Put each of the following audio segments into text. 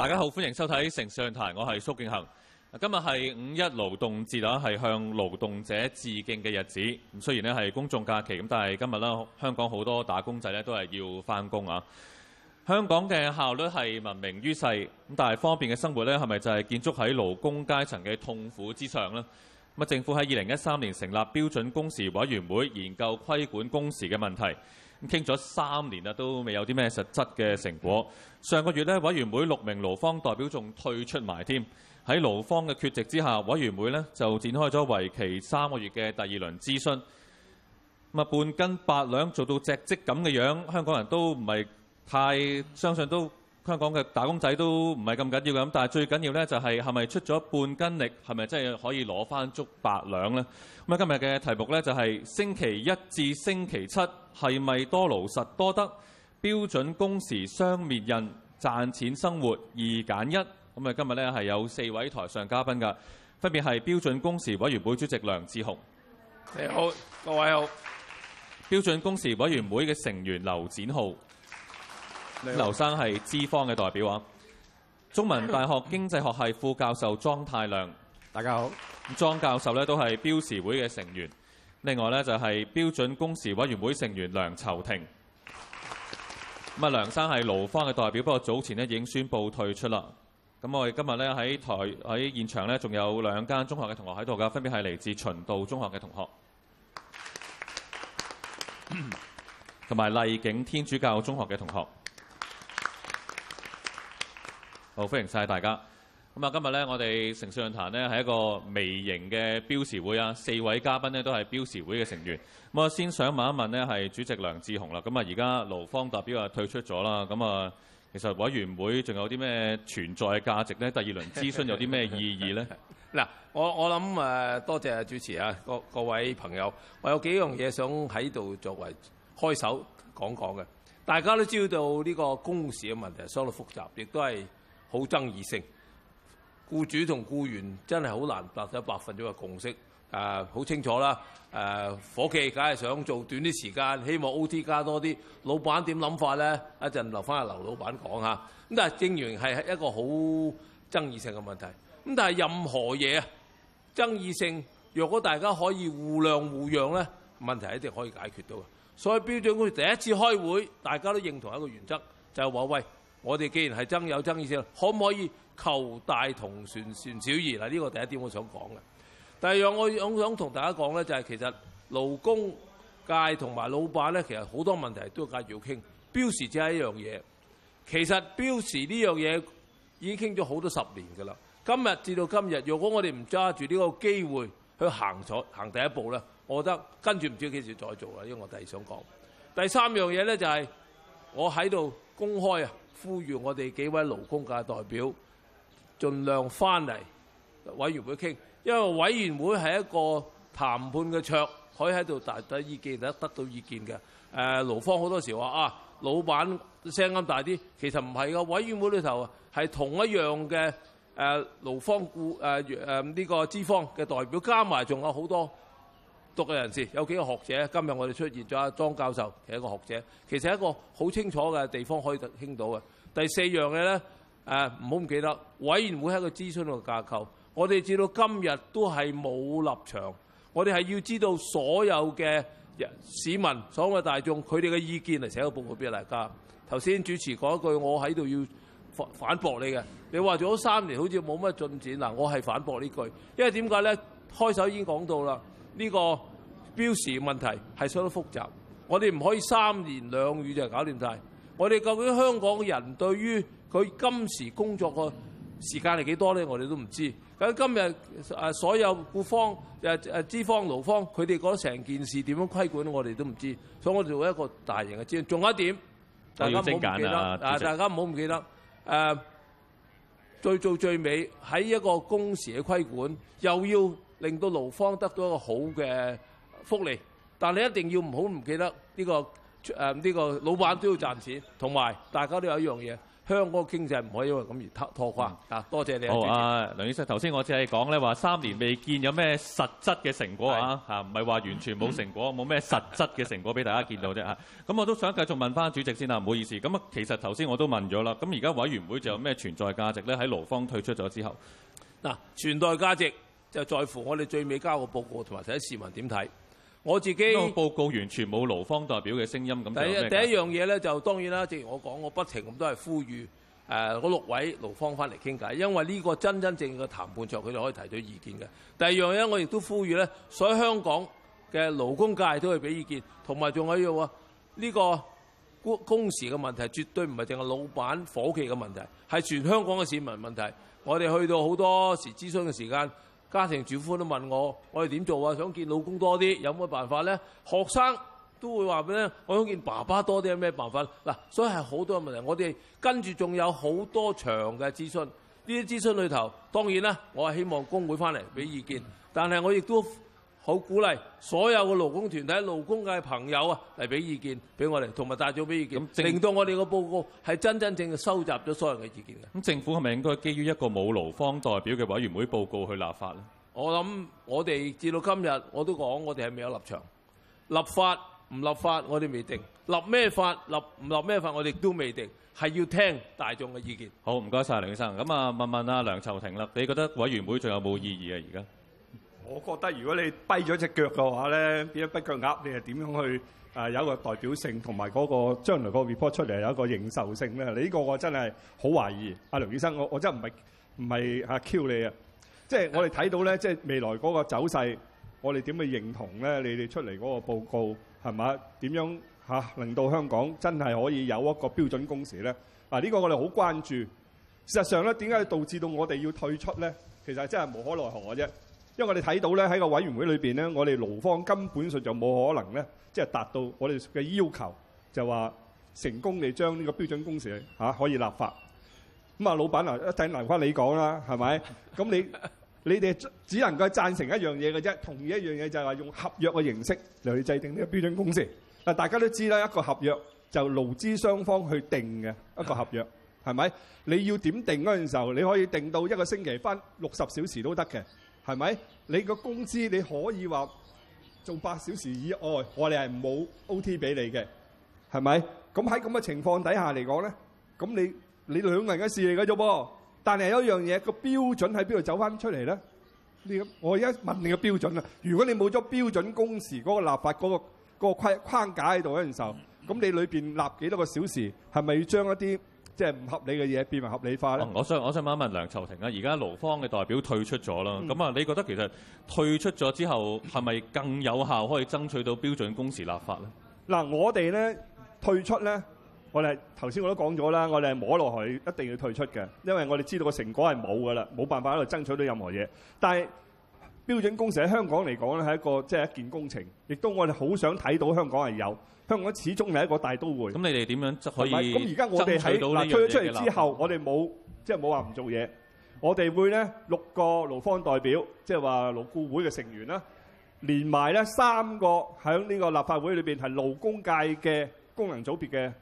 大家好，歡迎收睇城市論壇，我係蘇敬恒。今日係五一勞動節啊，係向勞動者致敬嘅日子。咁雖然咧係公眾假期，咁但係今日啦，香港好多打工仔咧都係要翻工啊。香港嘅效率係聞名於世，咁但係方便嘅生活咧，係咪就係建築喺勞工階層嘅痛苦之上咧？咁啊，政府喺二零一三年成立標準工時委員會，研究規管工時嘅問題。傾咗三年啦，都未有啲咩實質嘅成果。上個月呢，委員會六名勞方代表仲退出埋添。喺勞方嘅缺席之下，委員會呢就展開咗為期三個月嘅第二輪諮詢。啊，半斤八兩做到隻積咁嘅樣，樣，香港人都唔係太相信都。香港嘅打工仔都唔係咁緊要嘅，咁但係最緊要咧就係係咪出咗半斤力，係咪真係可以攞翻足八兩咧？咁啊今日嘅題目咧就係、是、星期一至星期七係咪多勞實多得？標準工時雙面刄，賺錢生活二揀一。咁啊今日咧係有四位台上嘉賓噶，分別係標準工時委員會主席梁智鴻。你好，各位好。標準工時委員會嘅成員劉展灝。劉生係資方嘅代表啊！中文大學經濟學系副教授莊泰亮，大家好。莊教授咧都係標時會嘅成員。另外呢，就係標準工時委員會成員梁籌庭。咁啊，梁生係勞方嘅代表，不過早前咧已經宣布退出啦。咁我哋今日呢，喺台喺現場呢，仲有兩間中學嘅同學喺度噶，分別係嚟自循道中學嘅同學，同 埋麗景天主教中學嘅同學。好，歡迎晒大家。咁啊，今日咧，我哋城市論壇咧係一個微型嘅標時會啊。四位嘉賓呢都係標時會嘅成員。咁啊，先想問一問呢係主席梁智鴻啦。咁啊，而家勞方代表啊退出咗啦。咁啊，其實委員會仲有啲咩存在價值咧？第二輪諮詢有啲咩意義咧？嗱， 我我諗誒，多謝主持啊，各各位朋友，我有幾樣嘢想喺度作為開首講講嘅。大家都知道呢個工時嘅問題相當複雜，亦都係好爭議性，僱主同僱員真係好難達到百分一嘅共識。誒、呃，好清楚啦。誒、呃，夥計梗係想做短啲時間，希望 OT 加多啲。老闆點諗法咧？一陣留翻阿劉老闆講吓。咁但係正言係一個好爭議性嘅問題。咁但係任何嘢啊，爭議性，若果大家可以互諒互讓咧，問題一定可以解決到。所以標準工時第一次開會，大家都認同一個原則，就係、是、話喂。我哋既然係爭有爭意思，可唔可以求大同存存小異？嗱，呢個第一點我想講嘅。第二樣我我想同大家講咧、就係，就係其實勞工界同埋老闆咧，其實好多問題都要繼續傾，標示只係一樣嘢。其實標示呢樣嘢已經傾咗好多十年㗎啦。今日至到今日，如果我哋唔揸住呢個機會去行咗行第一步咧，我覺得跟住唔知幾時再做啦。因為我第二想講第三樣嘢咧，就係。我喺度公開啊，呼籲我哋幾位勞工界代表盡量翻嚟委員會傾，因為委員會係一個談判嘅桌，可以喺度集得意見，得得到意見嘅。誒、呃，勞方好多時話啊，老闆聲音大啲，其實唔係嘅，委員會裏頭係同一樣嘅誒，勞、呃、方顧誒誒呢個資方嘅代表加埋仲有好多。獨立人士有幾個學者？今日我哋出現咗阿莊教授，其一個學者，其實係一個好清楚嘅地方可以傾到嘅第四樣嘢咧。誒、呃，唔好唔記得，委員會係一個諮詢嘅架構。我哋至到今日都係冇立場，我哋係要知道所有嘅市民、所謂大眾佢哋嘅意見嚟寫個報告俾大家。頭先主持講一句，我喺度要反反駁你嘅。你話咗三年好似冇乜進展嗱，我係反駁呢句，因為點解咧？開首已經講到啦。呢、這個標示嘅問題係相當複雜的，我哋唔可以三言兩語就搞掂晒。我哋究竟香港人對於佢今時工作嘅時間係幾多咧？我哋都唔知。咁今日誒、啊、所有僱方誒誒資方勞方，佢、啊、哋覺得成件事點樣規管，我哋都唔知。所以我哋做一個大型嘅資料。仲有一點，大家唔好唔記得，大家唔好唔記得誒，最、啊啊啊啊啊啊啊啊、做，做最尾喺一個工時嘅規管，又要。令到勞方得到一個好嘅福利，但你一定要唔好唔記得、這、呢個誒呢、這個呃這個老闆都要賺錢，同埋大家都有一樣嘢，香港經濟唔可以因為咁而拖拖垮。啊、嗯，多謝你、哦。啊，梁醫生，頭先我只係講咧話三年未見有咩實質嘅成果啊，嚇唔係話完全冇成果，冇咩實質嘅成果俾、嗯、大家見到啫嚇。咁、 啊、我都想繼續問翻主席先啦，唔好意思。咁啊，其實頭先我都問咗啦，咁而家委員會仲有咩存在價值咧？喺勞方退出咗之後，嗱、啊，存在價值。就在乎我哋最尾交個報告，同埋睇市民點睇。我自己報告完全冇勞方代表嘅聲音咁。第一第一樣嘢咧，就當然啦。正如我講，我不停咁都係呼籲誒、呃、六位勞方翻嚟傾偈，因為呢個真真正嘅談判桌佢哋可以提出意見嘅。第二樣嘢，我亦都呼籲咧，所有香港嘅勞工界都係俾意見，同埋仲有一樣呢個工時嘅問題絕對唔係淨係老闆伙計嘅問題，係全香港嘅市民問題。我哋去到好多時諮詢嘅時間。家庭主婦都問我，我哋點做啊？想見老公多啲，有冇個辦法咧？學生都會話咩咧？我想見爸爸多啲，有咩辦法？嗱，所以係好多嘅問題。我哋跟住仲有好多長嘅諮詢，呢啲諮詢裏頭，當然啦，我係希望工會翻嚟俾意見，但係我亦都，好鼓勵所有嘅勞工團體、勞工界朋友啊，嚟俾意見俾我哋，同埋帶咗俾意見，令到我哋個報告係真真正正收集咗所有人嘅意見嘅。咁政府係咪應該基於一個冇勞方代表嘅委員會報告去立法咧？我諗我哋至到今日我都講，我哋係未有立場，立法唔立法我哋未定，立咩法立唔立咩法我哋都未定，係要聽大眾嘅意見。好，唔該晒梁先生。咁啊，問問阿梁籌庭啦，你覺得委員會仲有冇意義啊？而家？我覺得，如果你跛咗隻腳嘅話咧，變咗跛腳鴨，你係點樣去誒、啊、有一個代表性，同埋嗰個將來個 report 出嚟有一個認受性咧？你、這、呢個我真係好懷疑。阿、啊、梁醫生，我我真係唔係唔係嚇 Q 你啊！即係、就是、我哋睇到咧，即、就、係、是、未來嗰個走勢，我哋點去認同咧？你哋出嚟嗰個報告係咪？點樣嚇、啊、令到香港真係可以有一個標準工時咧？嗱、啊，呢、這個我哋好關注。事實上咧，點解導致到我哋要退出咧？其實真係無可奈何嘅啫。因為我哋睇到咧，喺個委員會裏邊咧，我哋勞方根本上就冇可能咧，即係達到我哋嘅要求，就話成功地將呢個標準工時嚇可以立法咁啊。老闆啊，一陣留翻你講啦，係咪咁？你你哋只能夠贊成一樣嘢嘅啫，同意一樣嘢就係話用合約嘅形式嚟去制定呢個標準工時。但大家都知啦，一個合約就勞資雙方去定嘅一個合約係咪？你要點定嗰陣時候，你可以定到一個星期翻六十小時都得嘅。係咪？你個工資你可以話做八小時以外，我哋係冇 OT 俾你嘅，係咪？咁喺咁嘅情況底下嚟講咧，咁你你兩個人嘅事嚟嘅啫噃，但係有一樣嘢個標準喺邊度走翻出嚟咧？你我而家問你個標準啦。如果你冇咗標準工時嗰個立法嗰個嗰個框框架喺度嗰陣時候，咁你裏邊立幾多個小時，係咪要將一啲？即係唔合理嘅嘢，變為合理化咧。我想我想問一問梁籌庭啊，而家勞方嘅代表退出咗啦，咁、嗯、啊，你覺得其實退出咗之後，係咪更有效可以爭取到標準工時立法咧？嗱、嗯，我哋咧退出咧，我哋頭先我都講咗啦，我哋係摸落去，一定要退出嘅，因為我哋知道個成果係冇噶啦，冇辦法喺度爭取到任何嘢。但係標準工時喺香港嚟講咧，係一個即係、就是、一件工程，亦都我哋好想睇到香港係有。香港始終係一個大都會。咁你哋點樣可以？咁而家我哋喺度推咗出嚟之後，我哋冇即係冇話唔做嘢。我哋會咧六個勞方代表，即係話勞顧會嘅成員啦，連埋咧三個喺呢個立法會裏面係勞工界嘅功能組別嘅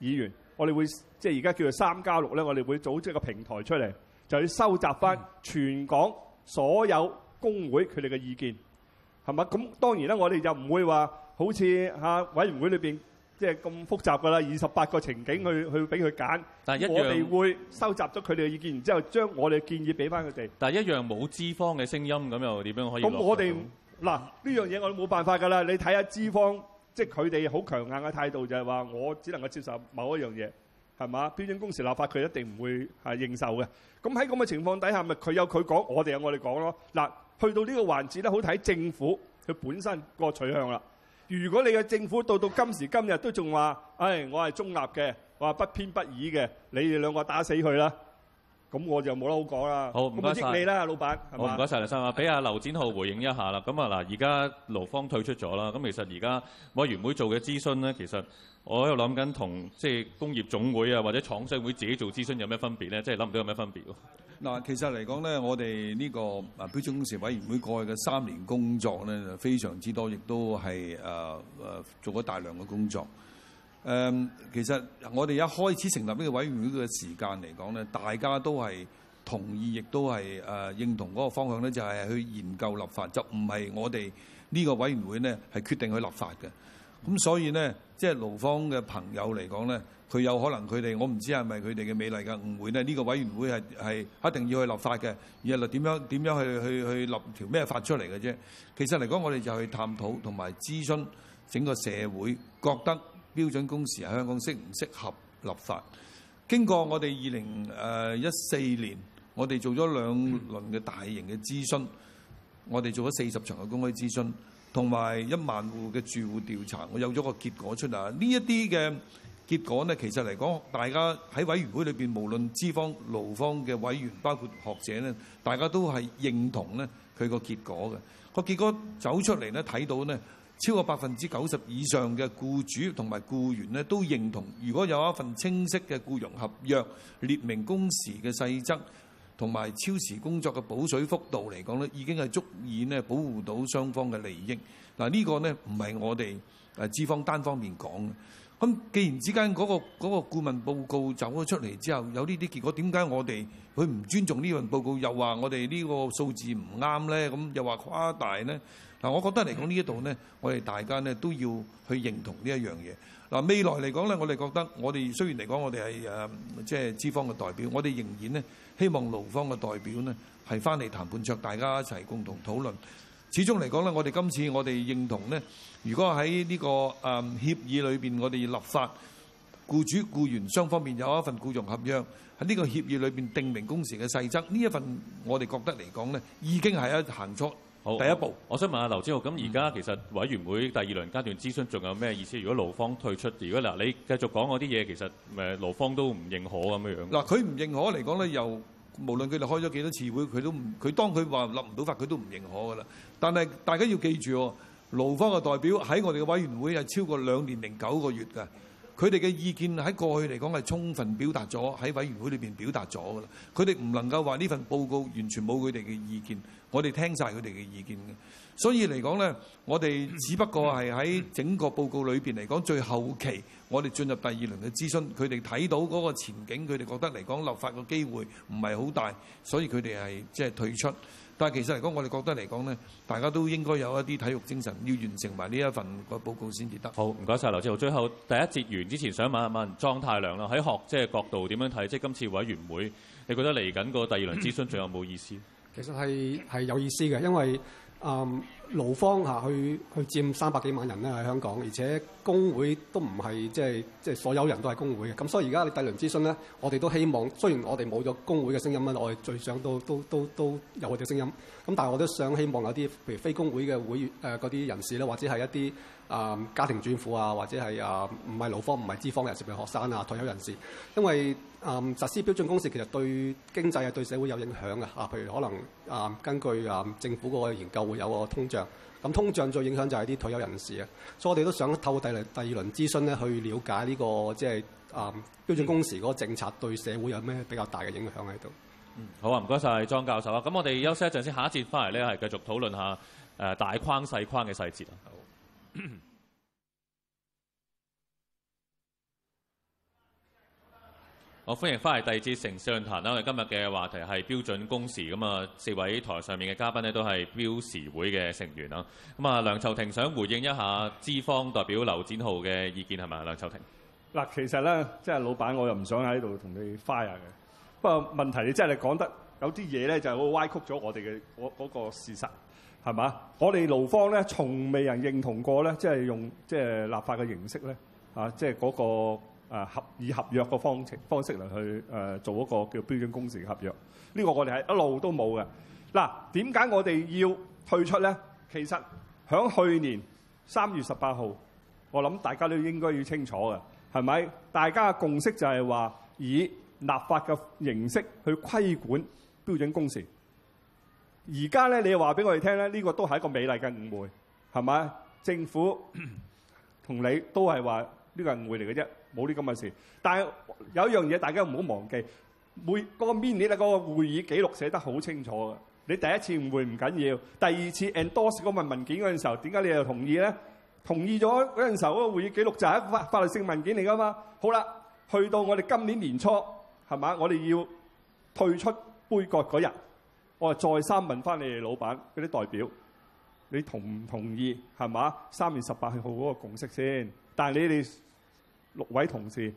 議員。我哋會即係而家叫做三加六咧，我哋會組織一個平台出嚟，就要收集翻全港所有工會佢哋嘅意見。嗯係嘛？咁當然啦，我哋就唔會話好似嚇委員會裏邊即係咁複雜㗎啦，二十八個情景去去俾佢揀。但係我哋會收集咗佢哋嘅意見，然之後將我哋嘅建議俾翻佢哋。但係一樣冇資方嘅聲音，咁又點樣可以？咁我哋嗱呢樣嘢我都冇辦法㗎啦。你睇下資方，即係佢哋好強硬嘅態度，就係話我只能夠接受某一樣嘢，係嘛？標準工時立法佢一定唔會係認受嘅。咁喺咁嘅情況底下，咪佢有佢講，我哋有我哋講咯。嗱。去到呢個環節咧，好睇政府佢本身個取向啦。如果你嘅政府到到今時今日都仲話，誒、哎，我係中立嘅，我係不偏不倚嘅，你哋兩個打死佢啦。咁我就冇得好講啦。好，唔該益你啦，老闆，係嘛？好，唔該晒，梁生啊。俾阿劉展浩回應一下啦。咁啊嗱，而家勞方退出咗啦。咁其實而家委員會做嘅諮詢咧，其實我喺度諗緊同即係工業總會啊，或者廠商會自己做諮詢有咩分別咧？即係諗唔到有咩分別喎。嗱，其實嚟講咧，我哋呢個標準工時委員會過去嘅三年工作咧，非常之多，亦都係誒誒做咗大量嘅工作。誒、呃，其實我哋一開始成立呢個委員會嘅時間嚟講咧，大家都係同意，亦都係誒、呃、認同嗰個方向咧，就係去研究立法，就唔係我哋呢個委員會咧係決定去立法嘅。咁所以呢，即係勞方嘅朋友嚟講呢，佢有可能佢哋，我唔知係咪佢哋嘅美麗嘅誤會呢，呢，呢個委員會係係一定要去立法嘅，而係嚟點樣點樣去去去立條咩法出嚟嘅啫。其實嚟講我哋就去探討同埋諮詢整個社會覺得標準工時喺香港適唔適合立法。經過我哋二零誒一四年，我哋做咗兩輪嘅大型嘅諮詢，我哋做咗四十場嘅公開諮詢。同埋一萬戶嘅住戶調查，我有咗個結果出嚟。呢一啲嘅結果呢，其實嚟講，大家喺委員會裏邊，無論資方、勞方嘅委員，包括學者呢，大家都係認同呢佢個結果嘅。個結果走出嚟呢，睇到呢超過百分之九十以上嘅僱主同埋僱員呢，都認同，如果有一份清晰嘅僱傭合約列明工時嘅細則。同埋超時工作嘅補水幅度嚟講咧，已經係足以咧保護到雙方嘅利益。嗱、這、呢個咧唔係我哋誒資方單方面講嘅。咁既然之間嗰個嗰個顧問報告走咗出嚟之後，有呢啲結果，點解我哋佢唔尊重呢份報告？又話我哋呢個數字唔啱咧，咁又話誇大咧？嗱，我覺得嚟講呢一度呢，我哋大家呢都要去認同呢一樣嘢。嗱，未來嚟講呢，我哋覺得我哋雖然嚟講我哋係誒即係資方嘅代表，我哋仍然呢希望勞方嘅代表呢係返嚟談判桌，大家一齊共同討論。始終嚟講呢，我哋今次我哋認同呢，如果喺呢個誒協議裏邊，我哋立法僱主僱員雙方面有一份僱傭合約喺呢個協議裏邊定明工時嘅細則，呢一份我哋覺得嚟講呢已經係一行錯。好，第一步，我，我想問下劉展灝，咁而家其實委員會第二輪階段諮詢仲有咩意思？如果勞方退出，如果嗱你繼續講嗰啲嘢，其實誒勞方都唔認可咁樣樣。嗱，佢唔認可嚟講咧，又無論佢哋開咗幾多次會，佢都唔，佢當佢話立唔到法，佢都唔認可噶啦。但係大家要記住，勞方嘅代表喺我哋嘅委員會係超過兩年零九個月㗎。佢哋嘅意見喺過去嚟講係充分表達咗，喺委員會裏邊表達咗噶啦。佢哋唔能夠話呢份報告完全冇佢哋嘅意見，我哋聽晒佢哋嘅意見嘅。所以嚟講呢，我哋只不過係喺整個報告裏邊嚟講最後期，我哋進入第二輪嘅諮詢，佢哋睇到嗰個前景，佢哋覺得嚟講立法個機會唔係好大，所以佢哋係即係退出。但係其實嚟講，我哋覺得嚟講咧，大家都應該有一啲體育精神，要完成埋呢一份個報告先至得。好，唔該晒劉展灝。最後第一節完之前想慢慢，想問一問莊太量啦，喺學者嘅角度點樣睇？即係今次委員會，你覺得嚟緊個第二輪諮詢仲有冇意思？其實係係有意思嘅，因為。啊、um，勞方嚇去去佔三百幾萬人咧喺香港，而且工會都唔係即係即係所有人都係工會嘅，咁所以而家你第二輪諮詢咧，我哋都希望，雖然我哋冇咗工會嘅聲音啦，我哋最想都都都都，都有我哋嘅聲音，咁但係我都想希望有啲譬如非工會嘅會員誒嗰啲人士咧，或者係一啲。啊、嗯，家庭主婦啊，或者係啊，唔係勞方，唔係資方人士嘅學生啊，退休人士，因為啊、嗯，實施標準工時其實對經濟啊對社會有影響嘅啊，譬如可能啊，根據啊政府嗰個研究會有個通脹，咁、啊、通脹最影響就係啲退休人士啊，所以我哋都想透過第二輪諮詢咧，去了解呢、這個即係啊標準工時嗰個政策對社會有咩比較大嘅影響喺度。嗯，好啊，唔該晒莊教授啊，咁我哋休息一陣先，下一節翻嚟咧係繼續討論下誒、呃、大框細框嘅細節。 好，歡迎翻嚟第二節城市論壇啦。我哋今日嘅話題係標準工時咁，啊，四位台上面嘅嘉賓咧都係標時會嘅成員啦。咁啊，梁籌庭想回應一下資方代表劉展灝嘅意見係咪？梁籌庭嗱，其實咧，即係老闆，我又唔想喺度同你 fire 嘅。不過問題是你真係講得有啲嘢咧，就好歪曲咗我哋嘅嗰嗰個事實。係嘛？我哋勞方咧，從未人認同過咧，即係用即係立法嘅形式咧，啊，即係嗰、嗰個、啊、合以合約嘅方程方式嚟去誒做一個叫標準工時嘅合約。呢、呢個我哋係一路都冇嘅。嗱、啊，點解我哋要退出咧？其實喺去年三月十八號，我諗大家都應該要清楚嘅，係咪？大家嘅共識就係話，以立法嘅形式去規管標準工時。而家咧，你話俾我哋聽咧，呢個都係一個美麗嘅誤會，係嘛？政府同你都係話呢個誤會嚟嘅啫，冇呢咁嘅事。但係有一樣嘢，大家唔好忘記，每個 mini 咧個會議記錄寫得好清楚嘅。你第一次誤會唔緊要，第二次 endorse 嗰份文件嗰陣時候，點解你又同意咧？同意咗嗰陣時候，個會議記錄就係一個法，法律性文件嚟㗎嘛。好啦，去到我哋今年年初係嘛？我哋要退出杯葛嗰日。我哋再三問翻你哋老闆嗰啲代表，你同唔同意係嘛？三月十八號嗰個共識先，但係你哋六位同事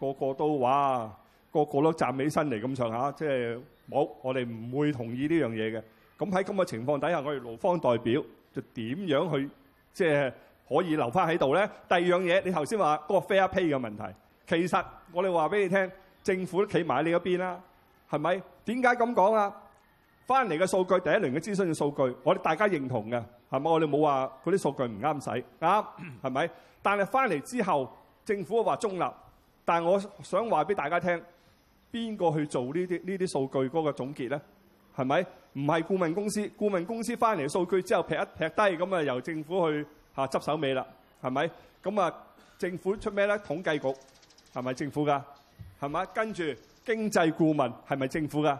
個個都話，個個都站起身嚟咁上下，即係冇我哋唔會同意呢樣嘢嘅。咁喺咁嘅情況底下，我哋勞方代表就點樣去即係、就是、可以留翻喺度咧？第二樣嘢，你頭先話嗰個 fair pay 嘅問題，其實我哋話俾你聽，政府都企埋你嗰邊啦，係咪？點解咁講啊？翻嚟嘅數據，第一輪嘅諮詢嘅數據，我哋大家認同嘅，係咪？我哋冇話嗰啲數據唔啱使，係咪？但係翻嚟之後，政府話中立，但係我想話俾大家聽，邊個去做呢啲呢啲數據嗰個總結咧？係咪？唔係顧問公司，顧問公司翻嚟數據之後劈一劈低，咁啊由政府去吓執手尾啦，係咪？咁啊政府出咩咧？統計局係咪政府㗎？係咪？跟住經濟顧問係咪政府㗎？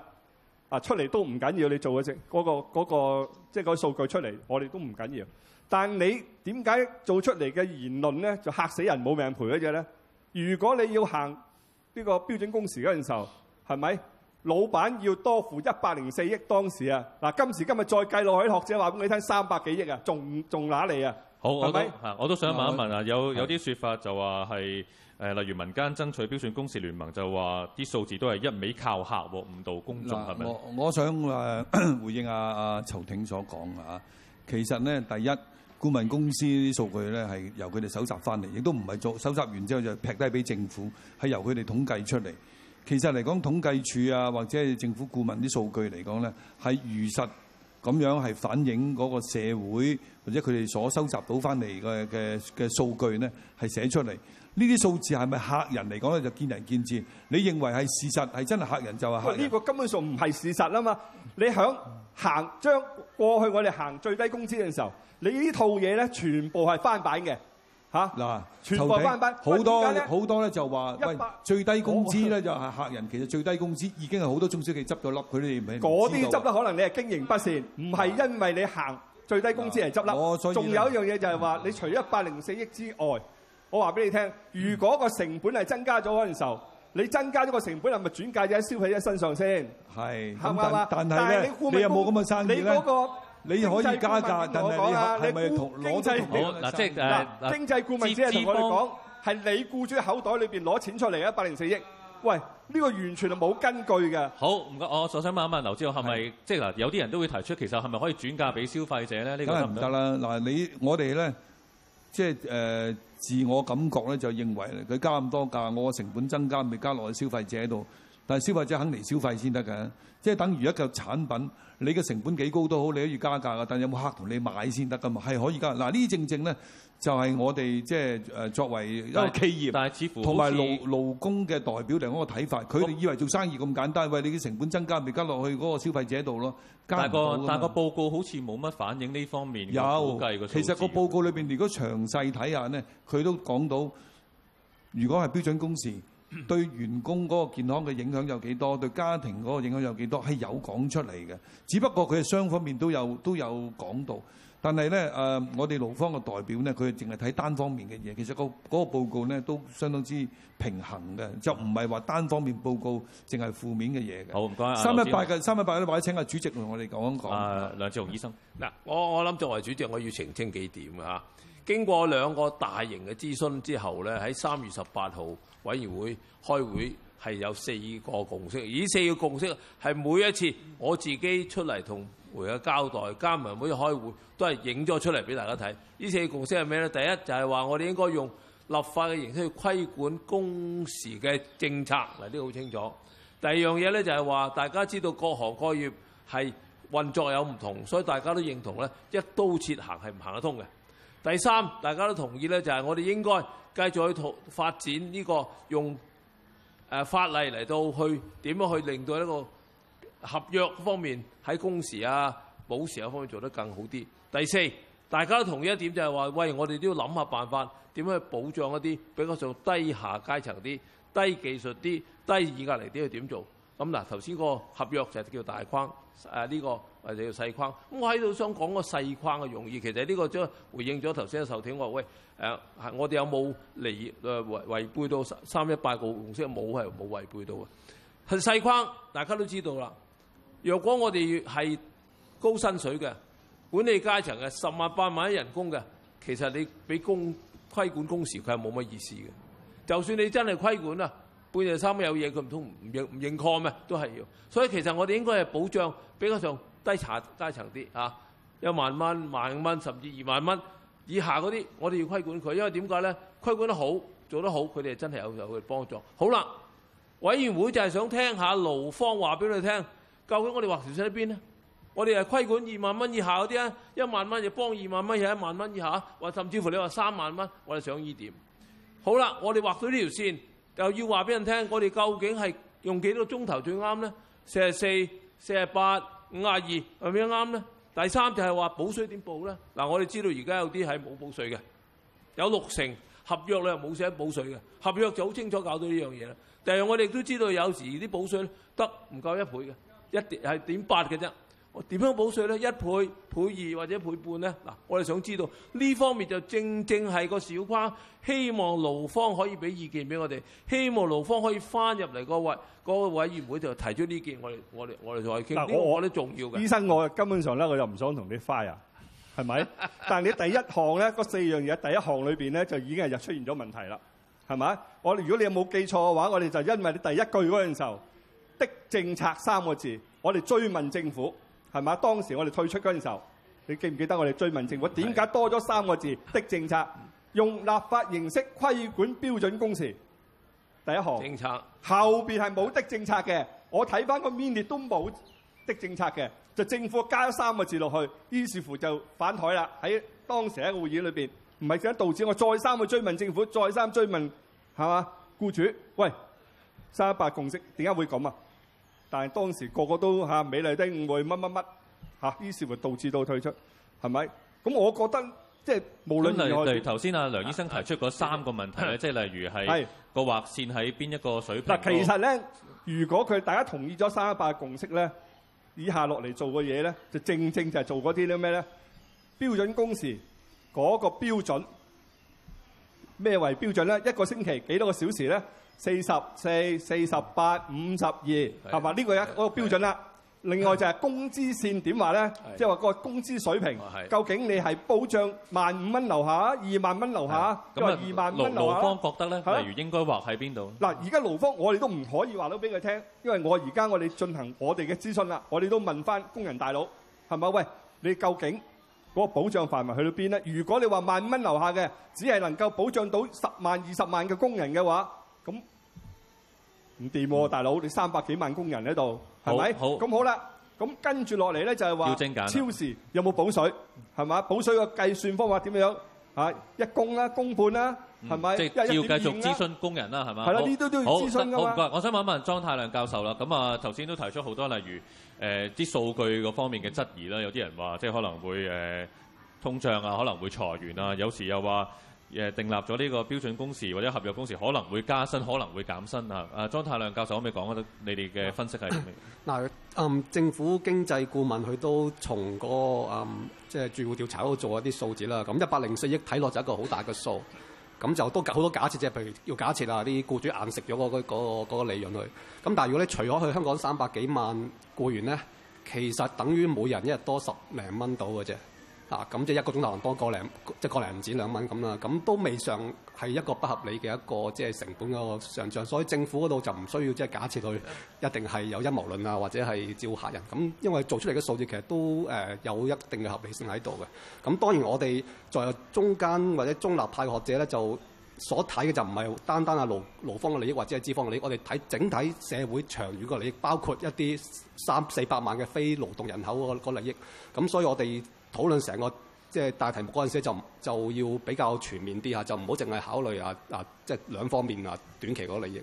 啊出嚟都唔緊要，你做嘅啫、嗰個。嗰、嗰個即係嗰個數據出嚟，我哋都唔緊要。但你點解做出嚟嘅言論咧，就嚇死人冇命賠嗰隻咧？如果你要行呢個標準工時嗰陣時候，係咪？老闆要多付一百零四億當時啊！嗱，今時今日再計落去，學者話俾你聽三百幾億啊，仲仲嗱嚟啊！好，係咪？我都想問一問啊，有有啲説法就話係。誒，例如民間爭取標準工時聯盟就話啲數字都係一味靠客喎，誤導公眾係咪？我我想誒回應阿阿籌庭所講嘅其實呢，第一，顧問公司啲數據咧係由佢哋搜集翻嚟，亦都唔係做蒐集完之後就劈低俾政府，係由佢哋統計出嚟。其實嚟講統計處啊，或者係政府顧問啲數據嚟講咧，係如實。咁樣係反映嗰個社會，或者佢哋所收集到翻嚟嘅嘅嘅數據咧，係寫出嚟。呢啲數字係咪客人嚟講咧，就見仁見智。你認為係事實，係真係客人就係客人？呢個根本上唔係事實啊嘛！你響行將過去我哋行最低工資嘅時候，你呢套嘢咧全部係翻版嘅。嚇、啊、嗱，頭頂好多好多咧就話喂最低工資咧就係、是、客人其實最低工資已經係好多中小企執咗笠，佢哋唔係啲執得可能你係經營不善，唔、啊、係因為你行、啊、最低工資嚟執笠。所仲有一樣嘢就係話、啊，你除咗一百零四億之外，我話俾你聽，如果個成本係增加咗嗰時候，你、嗯、增加咗個成本係咪轉嫁咗喺消費者身上先？係，係咪啊？但係咧，你有冇咁嘅生意你咧、嗰個？你可以加價，等係你我講啊，係咪同攞？嗱，即係誒、啊啊啊，經濟顧問先同我哋講，係你僱主口袋裏邊攞錢出嚟一百零四億。喂，呢、呢個完全係冇根據嘅。好，唔該，我就想問一問劉展灝，係咪即係嗱？有啲人都會提出，其實係咪可以轉嫁俾消費者咧？梗係唔得啦！嗱，你我哋咧，即係誒、呃、自我感覺咧，就認為佢加咁多價，我嘅成本增加未加落去消費者喺度。消費者肯嚟消費先得嘅，即係等於一個產品，你嘅成本幾高都好，你都要加價嘅。但係有冇客同你買先得㗎嘛？係可以加。嗱、啊、呢正正咧，就係、是、我哋即係誒作為一個企業，同埋勞勞工嘅代表嚟講嘅睇法，佢哋以為做生意咁簡單，喂，你嘅成本增加咪加落去嗰個消費者度咯？加唔到。但個但個報告好似冇乜反映呢方面有，估其實個報告裏邊，如果詳細睇下呢，佢都講到，如果係標準工時。對員工嗰個健康嘅影響有幾多？對家庭嗰個影響有幾多？係有講出嚟嘅，只不過佢雙方面都有都有講到。但係咧誒，我哋勞方嘅代表咧，佢淨係睇單方面嘅嘢。其實個嗰個報告咧都相當之平衡嘅，就唔係話單方面報告淨係負面嘅嘢嘅。好唔該，三一八嘅三一八都快請阿主席同我哋講一講、呃、梁智鴻醫生嗱，我我諗作為主席，我要澄清幾點啊。嚇。經過兩個大型嘅諮詢之後咧，喺三月十八號。委員會開會係有四個共識，呢四個共識係每一次我自己出嚟同會嘅交代，加埋每員會開會都係影咗出嚟俾大家睇。呢四個共識係咩呢？第一就係話我哋應該用立法嘅形式去規管工時嘅政策，嗱呢個好清楚。第二樣嘢呢就係話大家知道各行各業係運作有唔同，所以大家都認同呢一刀切行係唔行得通嘅。第三，大家都同意咧，就係、是、我哋應該繼續去同發展呢、這個用、呃、法例，嚟到，去點樣去令到一個合約方面喺工時啊、保時啊方面做得更好啲。第四，大家都同意一點，就係、是、話：喂，我哋都要諗下辦法，點樣去保障一啲比較上低下階層啲、低技術啲、低議價力啲去點做。咁、嗯、嗱，頭先個合約就係叫大框。誒、啊、呢、這個或者叫細框，咁我喺度想講個細框嘅用意，其實呢個就回應咗頭先嘅籌庭，我話喂誒，我哋有冇違違背到三一八個紅色？冇係冇違背到嘅。係細框，大家都知道啦。若果我哋係高薪水嘅、管理階層嘅、十萬八萬一人工嘅，其實你俾工規管工時，佢係冇乜意思嘅。就算你真係規管啊！半夜三點有嘢，佢唔通唔認唔認抗咩？都係要，所以其實我哋應該係保障比較上低下階層啲啊，一萬蚊、萬五蚊甚至二萬蚊以下嗰啲，我哋要規管佢，因為點解咧？規管得好，做得好，佢哋真係有有佢幫助。好啦，委員會就係想聽下勞方話俾你聽，究竟我哋劃條線喺邊咧？我哋係規管二萬蚊以下嗰啲啊，一萬蚊就幫二萬蚊，又一萬蚊以下，或甚至乎你話三萬蚊，我哋想依點？好啦，我哋劃咗呢條線。又要話俾人聽，我哋究竟係用幾多鐘頭最啱咧？四十四、四十八、五廿二，係咪一樣啱咧？第三就係、是、話補水點補咧？嗱，我哋知道而家有啲係冇補水嘅，有六成合約咧又冇寫補水嘅，合約就好清楚搞到呢樣嘢啦。第二我哋都知道有時啲補水得唔夠一倍嘅，一點係點八嘅啫。我點樣補稅咧？一倍、倍二或者一倍半咧？嗱，我哋想知道呢方面就正正係個小框，希望勞方可以俾意見俾我哋，希望勞方可以翻入嚟個委個委員會就提出呢件我哋我哋我哋再傾。嗱，我我覺得、這個、重要嘅，醫生，我根本上咧，我就唔想同你 fire，係咪？ 但係你第一項咧，嗰四樣嘢第一項裏面咧，就已經係出現咗問題啦，係咪？我哋，如果你有冇記錯嘅話，我哋就因為你第一句嗰陣時候的政策三個字，我哋追問政府。係嘛？當時我哋退出嗰陣時候，你記唔記得我哋追問政府點解多咗三個字的，的政策？用立法形式規管標準工時，第一行政策後邊係冇的政策嘅。我睇翻個 mini 都冇的政策嘅，就政府加咗三個字落去，於是乎就反台啦。喺當時喺個會議裏面，唔係想導致我再三去追問政府，再三追問係嘛？僱主，喂，三一八共識點解會咁啊？但係當時個個都嚇、啊、美麗的誤會乜乜乜嚇，於是乎導致到退出係咪？咁我覺得即係無論係我哋頭先阿梁醫生提出嗰三個問題咧，即係例如係個劃線喺邊一個水平？嗱，其實咧，如果佢大家同意咗三一八共識咧，以下落嚟做嘅嘢咧，就正正就係做嗰啲咩咧？標準工時嗰個標準咩為標準咧？一個星期幾多個小時咧？四十四、四十八、五十二，係嘛？呢個一嗰個標準啦。另外就係工資線點話咧？即係話嗰個工資水平究竟你係保障萬五蚊樓下，二萬蚊樓下，定係二萬蚊樓下？勞方覺得咧，例如應該劃喺邊度？嗱，而家勞方我哋都唔可以話到俾佢聽，因為我而家我哋進行我哋嘅諮詢啦。我哋都問返工人大佬係咪？喂，你究竟嗰個保障範圍去到邊咧？如果你話萬五蚊樓下嘅，只係能夠保障到十萬、二十萬嘅工人嘅話。咁唔掂喎，大佬你三百幾萬工人喺度，係咪？咁好啦，咁跟住落嚟咧就係話超時有冇補水係嘛？補水個計算方法點樣？啊，一工啦，工半啦，係咪？即係要繼續諮詢工人啦，係嘛？係啦，呢啲都要諮詢噶嘛。好，我想問一問莊太量教授啦。咁啊，頭先都提出好多例如誒啲數據嗰方面嘅質疑啦。有啲人話即係可能會誒通脹啊，可能會裁員啊。有時又話。誒訂立咗呢個標準工時或者合約工時，可能會加薪，可能會減薪啊！阿莊太亮教授可唔可以講一啲你哋嘅分析係點？嗱、嗯，嗯，政府經濟顧問佢都從個嗯即係、就是、住戶調查嗰度做一啲數字啦。咁一百零四億睇落就一個好大嘅數，咁就都好多假設即係譬如要假設啊，啲僱主硬食咗嗰個嗰、嗰個嗰、嗰個利潤去。咁但係如果你除咗去香港三百幾萬僱員咧，其實等於每人一日多十零蚊到嘅啫。啊！咁、嗯、即係一個鐘頭能多個零，即係個零唔止兩蚊咁啦。咁都未上係一個不合理嘅一個，一個即係成本一個上漲，所以政府嗰度就唔需要即係假設佢一定係有陰謀論啊，或者係照客人咁、嗯。因為做出嚟嘅數字其實都有一定嘅合理性喺度嘅。咁、嗯、當然我哋在中間或者中立派嘅學者咧，就所睇嘅就唔係單單啊勞、勞方嘅利益或者係資方嘅利益。我哋睇整體社會長遠嘅利益，包括一啲三四百萬嘅非勞動人口個利益。咁所以我哋。討論成個即係、就是，大題目嗰陣時就，就就要比較全面啲嚇，就唔好淨係考慮啊啊，即係兩方面啊短期嗰個利益，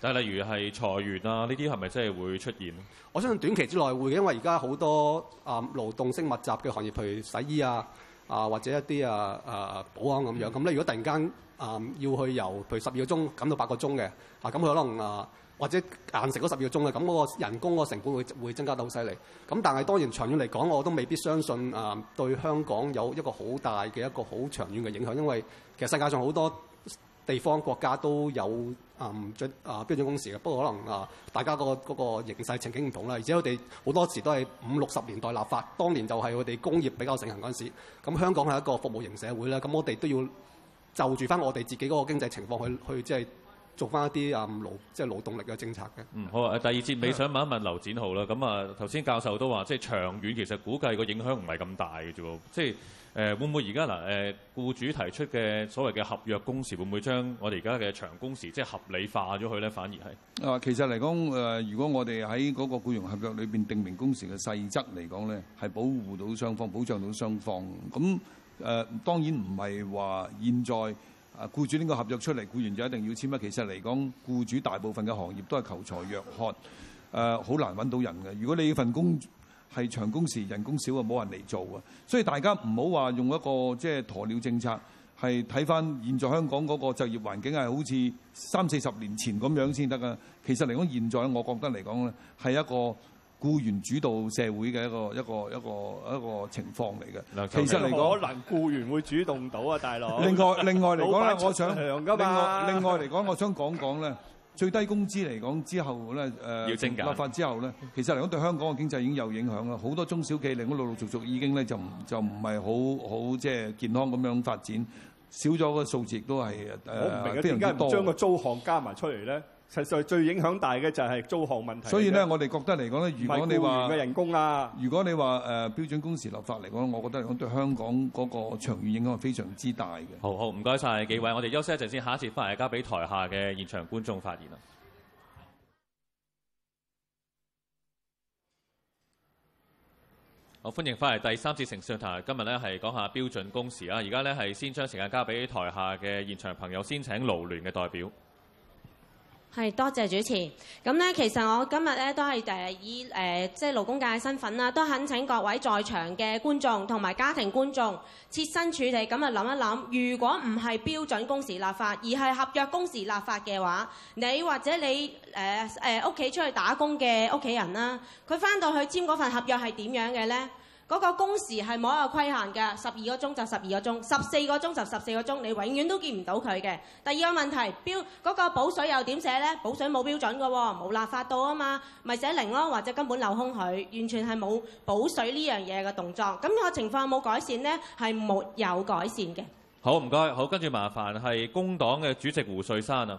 但係、嗯、例如係裁員啊，呢啲係咪真係會出現？我相信短期之內會，因為而家好多啊勞動性密集嘅行業，譬如洗衣啊啊，或者一啲啊啊保安咁樣咁咧、嗯。如果突然間啊要去由譬如十二個鐘減到八個鐘嘅啊，咁佢可能啊～或者硬食咗十二個鐘啊，咁嗰個人工個成本會會增加到好犀利。咁但係當然長遠嚟講，我都未必相信啊、呃，對香港有一個好大嘅一個好長遠嘅影響。因為其實世界上好多地方國家都有啊啊、呃呃、標準工時嘅，不過可能啊、呃、大家、嗰個、嗰個形勢情景唔同啦。而且我哋好多時都係五六十年代立法，當年就係我哋工業比較盛行嗰陣時。咁香港係一個服務型社會咧，咁我哋都要就住翻我哋自己嗰個經濟情況去去即、係做翻一啲啊勞即係勞動力嘅政策嘅。嗯，好。啊，第二節你想問一問劉展灝啦。咁啊，頭先教授都話，即係長遠其實估計個影響唔係咁大嘅啫。即係誒會唔會而家嗱誒僱主提出嘅所謂嘅合約工時會唔會將我哋而家嘅長工時即係合理化咗佢咧？反而係啊，其實嚟講誒，如果我哋喺嗰個僱傭合約裏邊定明工時嘅細則嚟講咧，係保護到雙方，保障到雙方。咁誒，呃，當然唔係話現在。啊！僱主呢個合約出嚟，僱員就一定要簽乜？其實嚟講，僱主大部分嘅行業都係求才若渴，誒、呃、好難揾到人嘅。如果你一份工係長工時、人工少啊，冇人嚟做啊。所以大家唔好話用一個即係、就是、鴕鳥政策，係睇翻現在香港嗰個就業環境係好似三四十年前咁樣先得㗎。其實嚟講，現在我覺得嚟講咧係一個。僱員主導社會嘅一個一個一個一個，一個情況嚟嘅，其實嚟講可能僱員會主動到啊，大佬。另外另外嚟講咧，我想另外另外嚟講，來 我想講講咧最低工資嚟講之後咧誒立法之後咧，其實嚟講對香港嘅經濟已經有影響啦。好多中小企嚟講，我陸陸續續已經咧就唔就唔係好好即係健康咁樣發展，少咗個數字亦都係誒非常多。我唔明啊，點解唔將個租項加埋出嚟咧？其實最影響大嘅就係租航問題。所以呢，我哋覺得嚟講咧，如果你話僱員嘅人工啊，如果你話誒、呃、標準工時立法嚟講，我覺得嚟講對香港嗰個長遠影響係非常之大嘅，嗯。好好，唔該晒，幾位，我哋休息一陣先，下一節翻嚟交俾台下嘅現場觀眾發言啦。好，歡迎翻嚟第三次城市論壇，今日呢，係講下標準工時啊。而家呢，係先將時間交俾台下嘅現場朋友，先請勞聯嘅代表。係，多謝主持。其實我今日都係以誒即係勞工界嘅身份都懇請各位在場嘅觀眾同埋家庭觀眾，設身處地。咁啊諗一諗，如果唔係標準工時立法，而係合約工時立法嘅話，你或者你屋企出去打工嘅屋企人啦，佢返到去簽嗰份合約係點樣嘅呢？嗰個工時係冇一個規限嘅，十二個鐘就十二個鐘，十四個鐘就十四個鐘，你永遠都見唔到佢嘅。第二個問題，標嗰個補水又點寫呢？補水冇標準㗎喎，冇立法到啊嘛，咪寫零咯，或者根本漏空佢，完全係冇補水呢樣嘢嘅動作。咁個情況有冇改善呢，係沒有改善嘅。好，唔該，好，跟住麻煩係工黨嘅主席胡瑞山啊。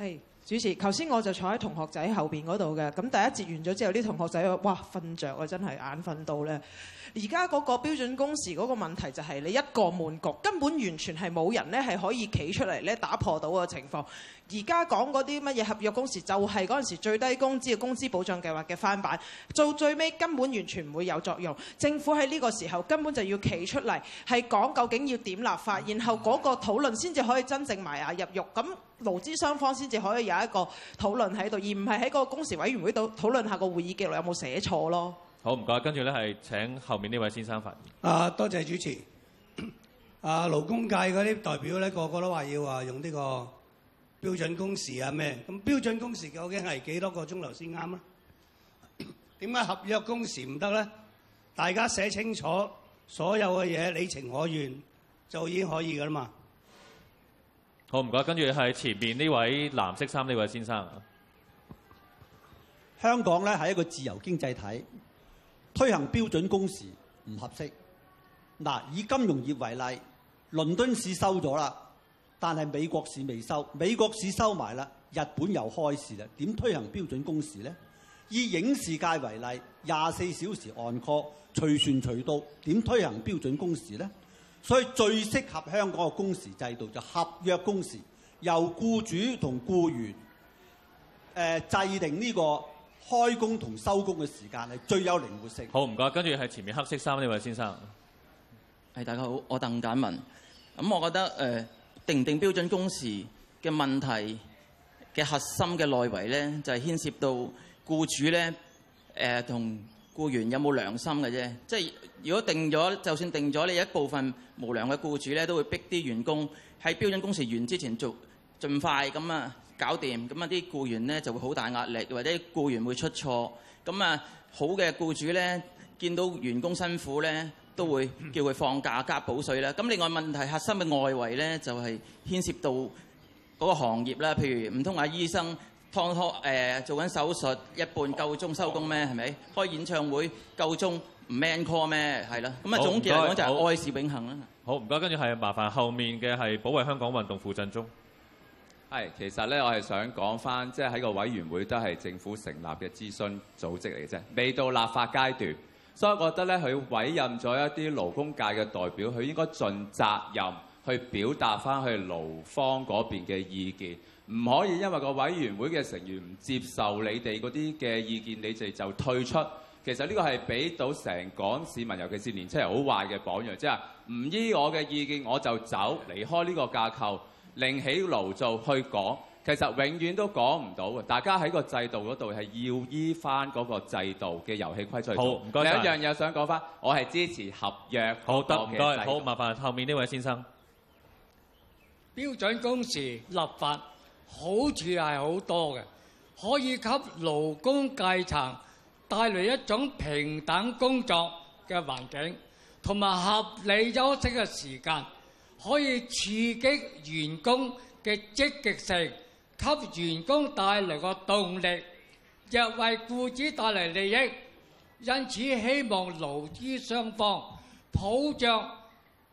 係。主持，頭先我就坐喺同學仔後邊嗰度嘅，咁第一節完咗之後，啲同學仔話：哇，瞓着啊，真係眼瞓到咧。而家嗰個標準工時嗰個問題就係你一個悶局，根本完全係冇人咧，係可以企出嚟咧打破到個情況。而家講嗰啲乜嘢合約工時就係嗰陣時最低工資嘅工資保障計劃嘅翻版，做最尾根本完全唔會有作用。政府喺呢個時候根本就要企出嚟，係講究竟要點立法，然後嗰個討論先至可以真正埋牙入肉，咁勞資雙方先至可以有一個討論喺度，而唔係喺個工時委員會度討論下個會議記錄有冇寫錯咯。好，唔該，跟住呢係請後面呢位先生發言。啊，多謝主持。啊，勞工界嗰啲代表呢個個都話要話用呢、呢個。標準工時啊咩咁標準工時究竟係幾多個鐘頭先啱啊？點解合約工時唔得咧？大家寫清楚所有嘅嘢，你情我願就已經可以噶啦嘛。好唔該，跟住係前面呢位藍色衫呢位先生。香港咧係一個自由經濟體，推行標準工時唔合適。嗱，以金融業為例，倫敦市收咗啦。但係美國市未收，美國市收埋啦，日本又開市啦，點推行標準工時呢？以影視界為例，廿四小時 on call，隨傳隨到，點推行標準工時呢？所以最適合香港嘅工時制度就合約工時，由僱主同僱員誒、呃、制定呢個開工同收工嘅時間係最有靈活性。好，唔該，跟住係前面黑色衫呢位先生，係大家好，我鄧簡文，咁、嗯、我覺得誒。呃定唔定標準工時嘅問題嘅核心嘅內圍呢，就係、是、牽涉到僱主呢，誒同、呃、僱員有冇良心嘅啫。即係如果定咗，就算定咗，你一部分無良嘅僱主呢，都會逼啲員工喺標準工時完之前做，盡快咁啊搞掂。咁啊啲僱員呢，就會好大壓力，或者僱員會出錯。咁啊好嘅僱主呢，見到員工辛苦呢。都會叫佢放假加補水啦。咁另外問題核心嘅外圍咧，就係牽涉到嗰個行業啦。譬如唔通話醫生，當初誒做緊手術，一半夠鐘收工咩？係咪開演唱會夠鐘唔 man call 咩？係啦。咁啊總結嚟講就係愛是永恆啦。好唔該，跟住係麻煩後面嘅係保衞香港運動傅振中。係，其實咧我係想講翻，即係喺個委員會都係政府成立嘅諮詢組織嚟嘅啫，未到立法階段。所以我覺得咧，佢委任咗一啲勞工界嘅代表，佢應該盡責任去表達翻去勞方嗰邊嘅意見，唔可以因為個委員會嘅成員唔接受你哋嗰啲嘅意見，你哋就退出。其實呢個係俾到成港市民，尤其是年輕人，好壞嘅榜樣，即係唔依我嘅意見我就走，離開呢個架構，另起爐灶去講。其實永遠都講唔到嘅，大家喺個制度嗰度係要依翻嗰個制度嘅遊戲規則。好，唔該。另一樣嘢想講翻，我係支持合約。好，得唔該。好，麻煩後面呢位先生。標準工時立法好處係好多嘅，可以給勞工階層帶來一種平等工作嘅環境，同埋合理休息嘅時間，可以刺激員工嘅積極性。給員工帶來個動力，亦為雇主帶嚟利益。因此，希望勞資雙方抱着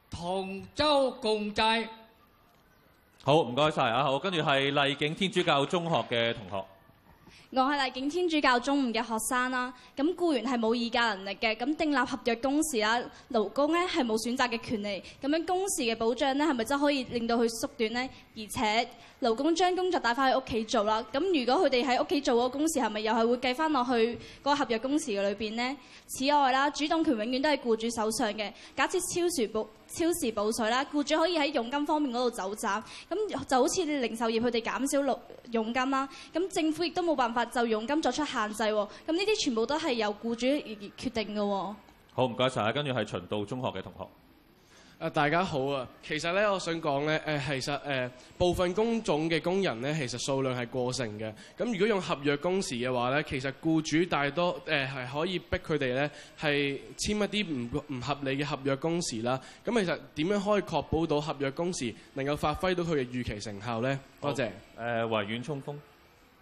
同舟共濟。好，唔該晒啊！好，跟住係荔景天主教中學嘅同學。我係荔景天主教中五嘅學生啦。咁雇員係冇議價能力嘅，咁訂立合約工時啦，勞工呢係冇選擇嘅權利。咁樣工時嘅保障呢，係咪真可以令到佢縮短呢？而且勞工將工作帶翻去屋企做啦，咁如果佢哋喺屋企做嗰個工時係咪又係會計翻落去嗰個合約工時嘅裏邊咧？此外啦，主動權永遠都係僱主手上嘅。假設超時補超時補水啦，僱主可以喺佣金方面嗰度走盞，咁就好似零售業佢哋減少勞佣金啦。咁政府亦都冇辦法就佣金作出限制喎。咁呢啲全部都係由僱主而決定嘅喎。好，唔該晒！跟住係循道中學嘅同學。啊！大家好啊，其實咧，我想講咧，誒，其實誒、呃，部分工種嘅工人咧，其實數量係過剩嘅。咁如果用合約工時嘅話咧，其實僱主大多誒係、呃、可以逼佢哋咧，係簽一啲唔唔合理嘅合約工時啦。咁其實點樣可以確保到合約工時能夠發揮到佢嘅預期成效咧？多謝，謝。誒、啊，維園衝鋒。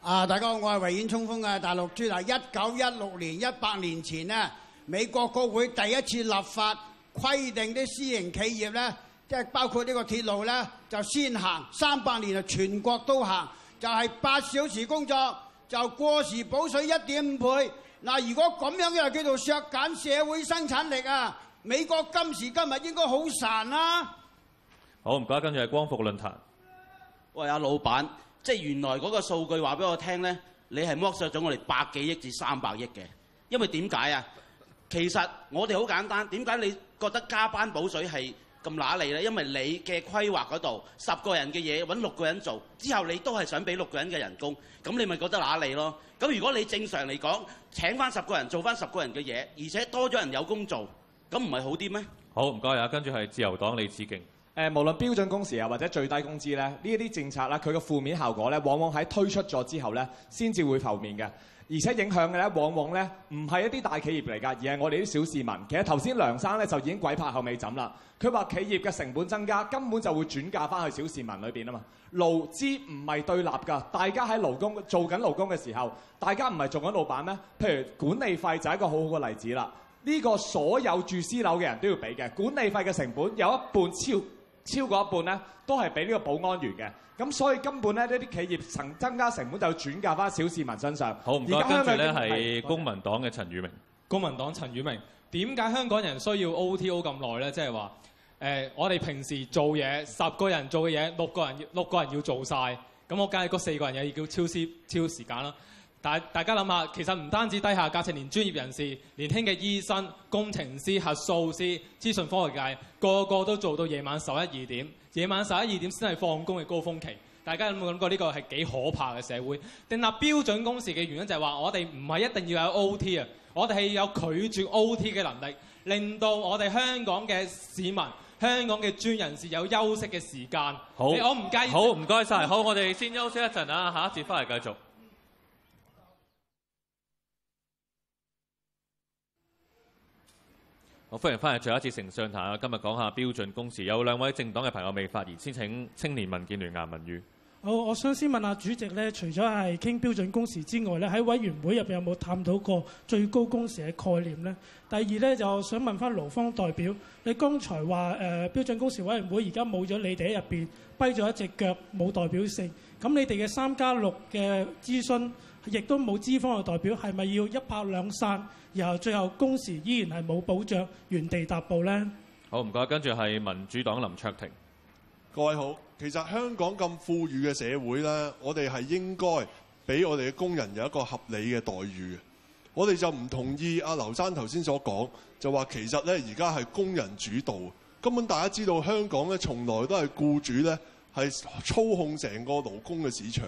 啊，大家好，我係維園衝鋒嘅大陸朱大。一九一六年一百年前咧，美國國會第一次立法。規定啲私營企業咧，即係包括呢個鐵路咧，就先行三百年啊，全國都行就係八小時工作，就過時補水一點五倍。嗱，如果咁樣又叫做削減社會生產力啊？美國今時今日應該好孱啦。好，唔該，跟住係光復論壇。喂，阿老闆，即係原來嗰個數據話俾我聽咧，你係剝削咗我哋百幾億至三百億嘅，因為點解啊？其實我哋好簡單，點解你覺得加班補水係咁揦脷呢？因為你嘅規劃嗰度十個人嘅嘢揾六個人做，之後你都係想俾六個人嘅人工，咁你咪覺得揦脷咯？咁如果你正常嚟講請翻十個人做翻十個人嘅嘢，而且多咗人有工做，咁唔係好啲咩？好，唔該啊，跟住係自由黨李梓敬。誒、呃，無論標準工時啊，或者最低工資呢，呢啲政策啦，佢嘅負面效果呢，往往喺推出咗之後呢，先至會浮面嘅。而且影響嘅咧，往往咧唔係一啲大企業嚟㗎，而係我哋啲小市民。其實頭先梁生咧就已經鬼拍後尾枕啦。佢話企業嘅成本增加根本就會轉嫁翻去小市民裏面啊嘛。勞資唔係對立㗎，大家喺勞工做緊勞工嘅時候，大家唔係做緊老闆咩？譬如管理費就係一個好好嘅例子啦。呢個所有住私樓嘅人都要俾嘅管理費嘅成本有一半，超超過一半咧，都係俾呢個保安員嘅。咁所以根本咧，呢啲企業增增加成本就轉嫁翻小市民身上。好，唔該。跟住咧係公民黨嘅陳宇明。公民黨陳宇明，點解香港人需要 O T O 咁耐咧？即係話，誒，我哋平時做嘢，十個人做嘅嘢，六個人要六個人要做晒。咁我梗係嗰四個人又要叫超時超時間啦。大大家諗下，其實唔單止低下階層，連專業人士、年輕嘅醫生、工程師、核數師、資訊科學界，個，個個都做到夜晚十一二點，夜晚十一二點先係放工嘅高峰期。大家有冇諗過呢個係幾可怕嘅社會？訂立標準工時嘅原因就係話，我哋唔係一定要有 O T 啊，我哋係要有拒絕 O T 嘅能力，令到我哋香港嘅市民、香港嘅專業人士有休息嘅時間。好，我唔介意。好，唔該晒。好，我哋先休息一陣啊，下一節返嚟繼續。歡迎翻嚟最後一節城上談啊！今日講下標準工時。有兩位政黨嘅朋友未發言，先請青年民建聯顏文宇。我、oh，我想先問下主席咧，除咗係傾標準工時之外咧，喺委員會入邊有冇探討過最高工時嘅概念咧？第二咧，就我想問翻勞方代表，你剛才話誒、呃、標準工時委員會而家冇咗你哋喺入邊，跛咗一隻腳冇代表性。咁你哋嘅三加六嘅諮詢，亦都冇資方嘅代表，係咪要一拍兩散？然後最後工時依然係冇保障，原地踏步呢？好，唔該，跟住係民主黨林卓廷。各位好，其實香港咁富裕嘅社會呢，我哋係應該俾我哋嘅工人有一個合理嘅待遇。我哋就唔同意阿劉生頭先所講，就話其實呢而家係工人主導，根本大家知道香港呢，從來都係僱主呢，係操控成個勞工嘅市場。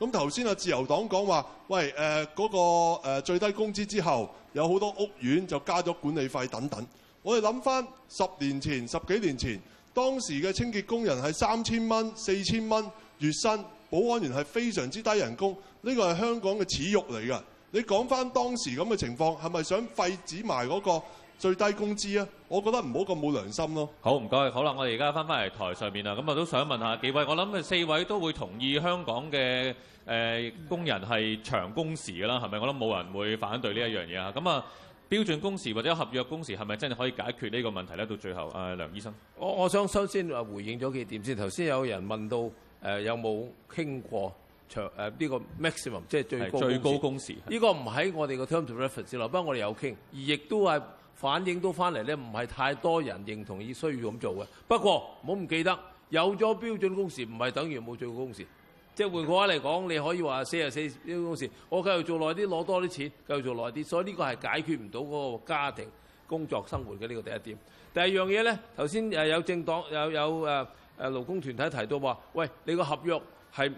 咁頭先阿自由黨講話，喂誒嗰個，呃最低工資之後。有好多屋苑就加咗管理費等等，我哋諗翻十年前、十幾年前，當時嘅清潔工人係三千蚊、四千蚊月薪，保安員係非常之低人工，呢個係香港嘅恥辱嚟㗎。你講翻當時咁嘅情況，係咪想廢止埋、那、嗰個？最低工資啊！我覺得唔好咁冇良心咯。好，唔該，好啦，我哋而家翻返嚟台上面啦。咁啊，都想問下幾位。我諗四位都會同意香港嘅誒、呃、工人係長工時嘅啦，係咪？我諗冇人會反對呢一樣嘢啊。咁啊，標準工時或者合約工時係咪真係可以解決呢個問題咧？到最後，誒、呃、梁醫生，我我想首先啊，回應咗幾點先。頭先有人問到誒、呃、有冇傾過長誒呢、呃呢個 maximum 即係最高工資，最高工時呢、呢個唔喺我哋嘅 terms of reference 咯。不過我哋有傾，而亦都係。反映到翻嚟咧，唔係太多人認同要需要咁做嘅。不過唔好唔記得，有咗標準工時唔係等於冇做工時，即係換句話嚟講，你可以話四十四呢準工時，我繼續做耐啲攞多啲錢，繼續做耐啲。所以呢個係解決唔到個個家庭工作生活嘅呢、這個第一點。第二樣嘢咧，頭先有政黨有有誒誒勞工團體提到話，喂，你個合約係。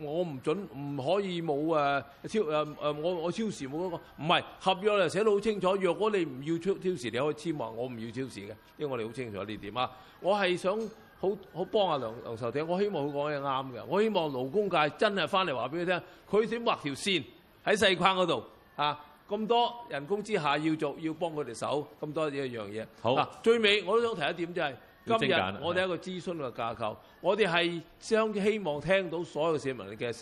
我唔準，唔可以冇誒超誒誒，我我超時冇嗰個，唔係合約嚟寫得好清楚。若果你唔要超超時，你可以簽話我唔要超時嘅，因為我哋好清楚呢點啊。我係想好好幫阿梁梁籌庭，我希望佢講嘢啱嘅。我希望勞工界真係翻嚟話俾佢聽，佢點畫條線喺細框嗰度啊？咁多人工之下要做，要幫佢哋手，咁多呢一樣嘢。好，最尾我都想提一點，就係。今日我哋一個諮詢嘅架構，我哋係將希望聽到所有市民嘅意見，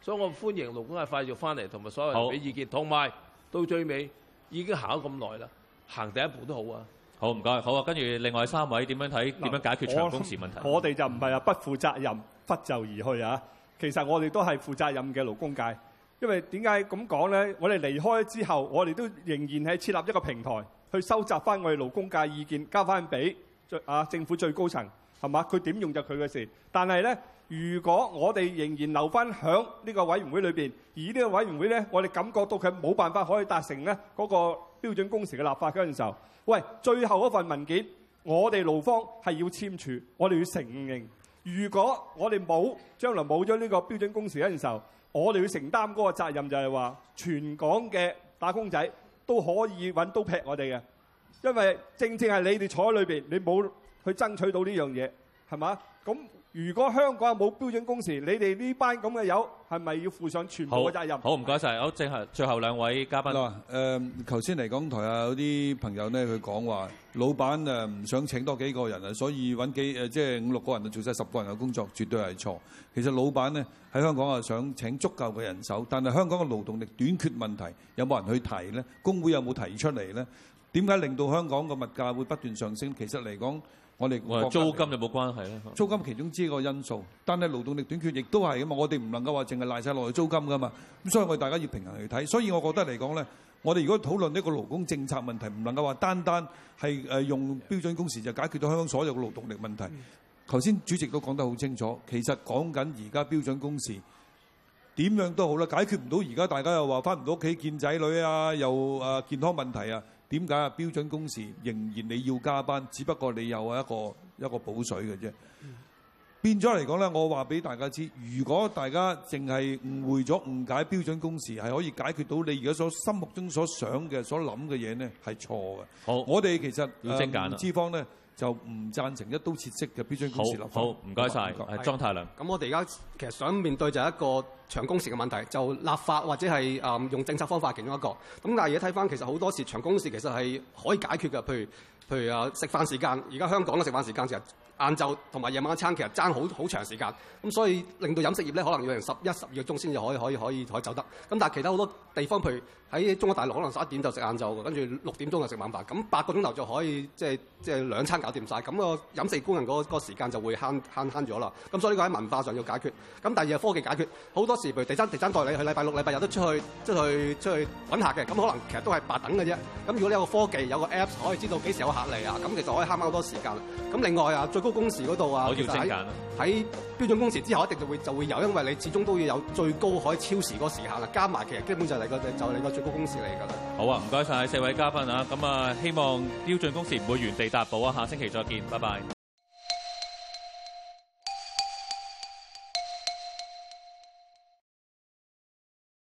所以我歡迎勞工界快速翻嚟，同埋所有人俾意見。同埋到最尾已經行咗咁耐啦，行第一步都好啊。好唔該，好啊。跟住另外三位點樣睇？點、嗯、樣解決長工時問題？我哋就唔係話不負責任，拂袖而去啊！其實我哋都係負責任嘅勞工界，因為點解咁講咧？我哋離開之後，我哋都仍然係設立一個平台去收集翻我哋勞工界的意見，交翻俾。啊，政府最高層係嘛？佢點用就佢嘅事。但係咧，如果我哋仍然留翻響呢個委員會裏邊，而呢個委員會咧，我哋感覺到佢冇辦法可以達成咧嗰個標準工時嘅立法嗰陣時候，喂，最後嗰份文件，我哋勞方係要簽署，我哋要承認。如果我哋冇將來冇咗呢個標準工時嗰陣時候，我哋要承擔嗰個責任就是說，就係話全港嘅打工仔都可以揾刀劈我哋嘅。因為正正係你哋坐喺裏邊，你冇去爭取到呢樣嘢，係嘛？咁如果香港冇標準工時，你哋呢班咁嘅友係咪要負上全部嘅責任？好唔該晒，好，正係最後兩位嘉賓。誒、呃，頭先嚟講台下有啲朋友呢，佢講話老闆誒唔想請多幾個人啊，所以揾幾誒，即係五六個人就做晒十個人嘅工作，絕對係錯。其實老闆呢，喺香港啊，想請足夠嘅人手，但係香港嘅勞動力短缺問題有冇人去提呢？工會有冇提出嚟呢？點解令到香港個物價會不斷上升？其實嚟講，我哋租金有冇關係咧？租金其中之一個因素，但係勞動力短缺，亦都係咁啊！我哋唔能夠話淨係賴曬落去租金㗎嘛。咁所以我哋大家要平衡去睇。所以我覺得嚟講咧，我哋如果討論呢個勞工政策問題，唔能夠話單單係誒用標準工時就解決到香港所有嘅勞動力問題。頭先主席都講得好清楚，其實講緊而家標準工時點樣都好啦，解決唔到而家大家又話翻唔到屋企見仔女啊，又誒健康問題啊。點解啊？標準工時仍然你要加班，只不過你有一個一個補水嘅啫。變咗嚟講咧，我話俾大家知，如果大家淨係誤會咗誤解標準工時，係可以解決到你而家所心目中所想嘅所諗嘅嘢咧，係錯嘅。好，我哋其實要精簡啦。脂肪咧。就唔贊成一刀切式嘅標準工時落去。好，唔該曬，莊太、啊啊啊、良。咁、嗯、我哋而家其實想面對就係一個長工時嘅問題，就立法或者係誒、嗯、用政策方法其中一個。咁、嗯、但係而家睇翻，其實好多時長工時其實係可以解決嘅，譬如譬如誒、啊、食飯時間。而家香港嘅食飯時間其實晏晝同埋夜晚餐，其實爭好好長時間。咁、嗯、所以令到飲食業咧，可能要成十一十二個鐘先至可以可以可以可以走得。咁、嗯、但係其他好多，地方譬如喺中國大陸，可能十一點就食晏晝，跟住六點鐘就食晚飯。咁八個鐘頭就可以即係即係兩餐搞掂晒。咁個飲食工人嗰個時間就會慳慳慳咗啦。咁所以呢個喺文化上要解決。咁第二係科技解決。好多時譬如地產地產代理，佢禮拜六禮拜日都出去出去出去揾客嘅。咁可能其實都係白等嘅啫。咁如果你有個科技有個 Apps 可以知道幾時有客嚟啊，咁其實可以慳翻好多時間。咁另外啊，最高工時嗰度啊，喺標準工時之後一定就會就會有，因為你始終都要有最高可以超時嗰個時限啦。加埋其實基本就係。就係個最高工時嚟㗎啦。好啊，唔該晒四位嘉賓啊。咁啊，希望標準工時唔會原地踏步啊。下星期再見，拜拜。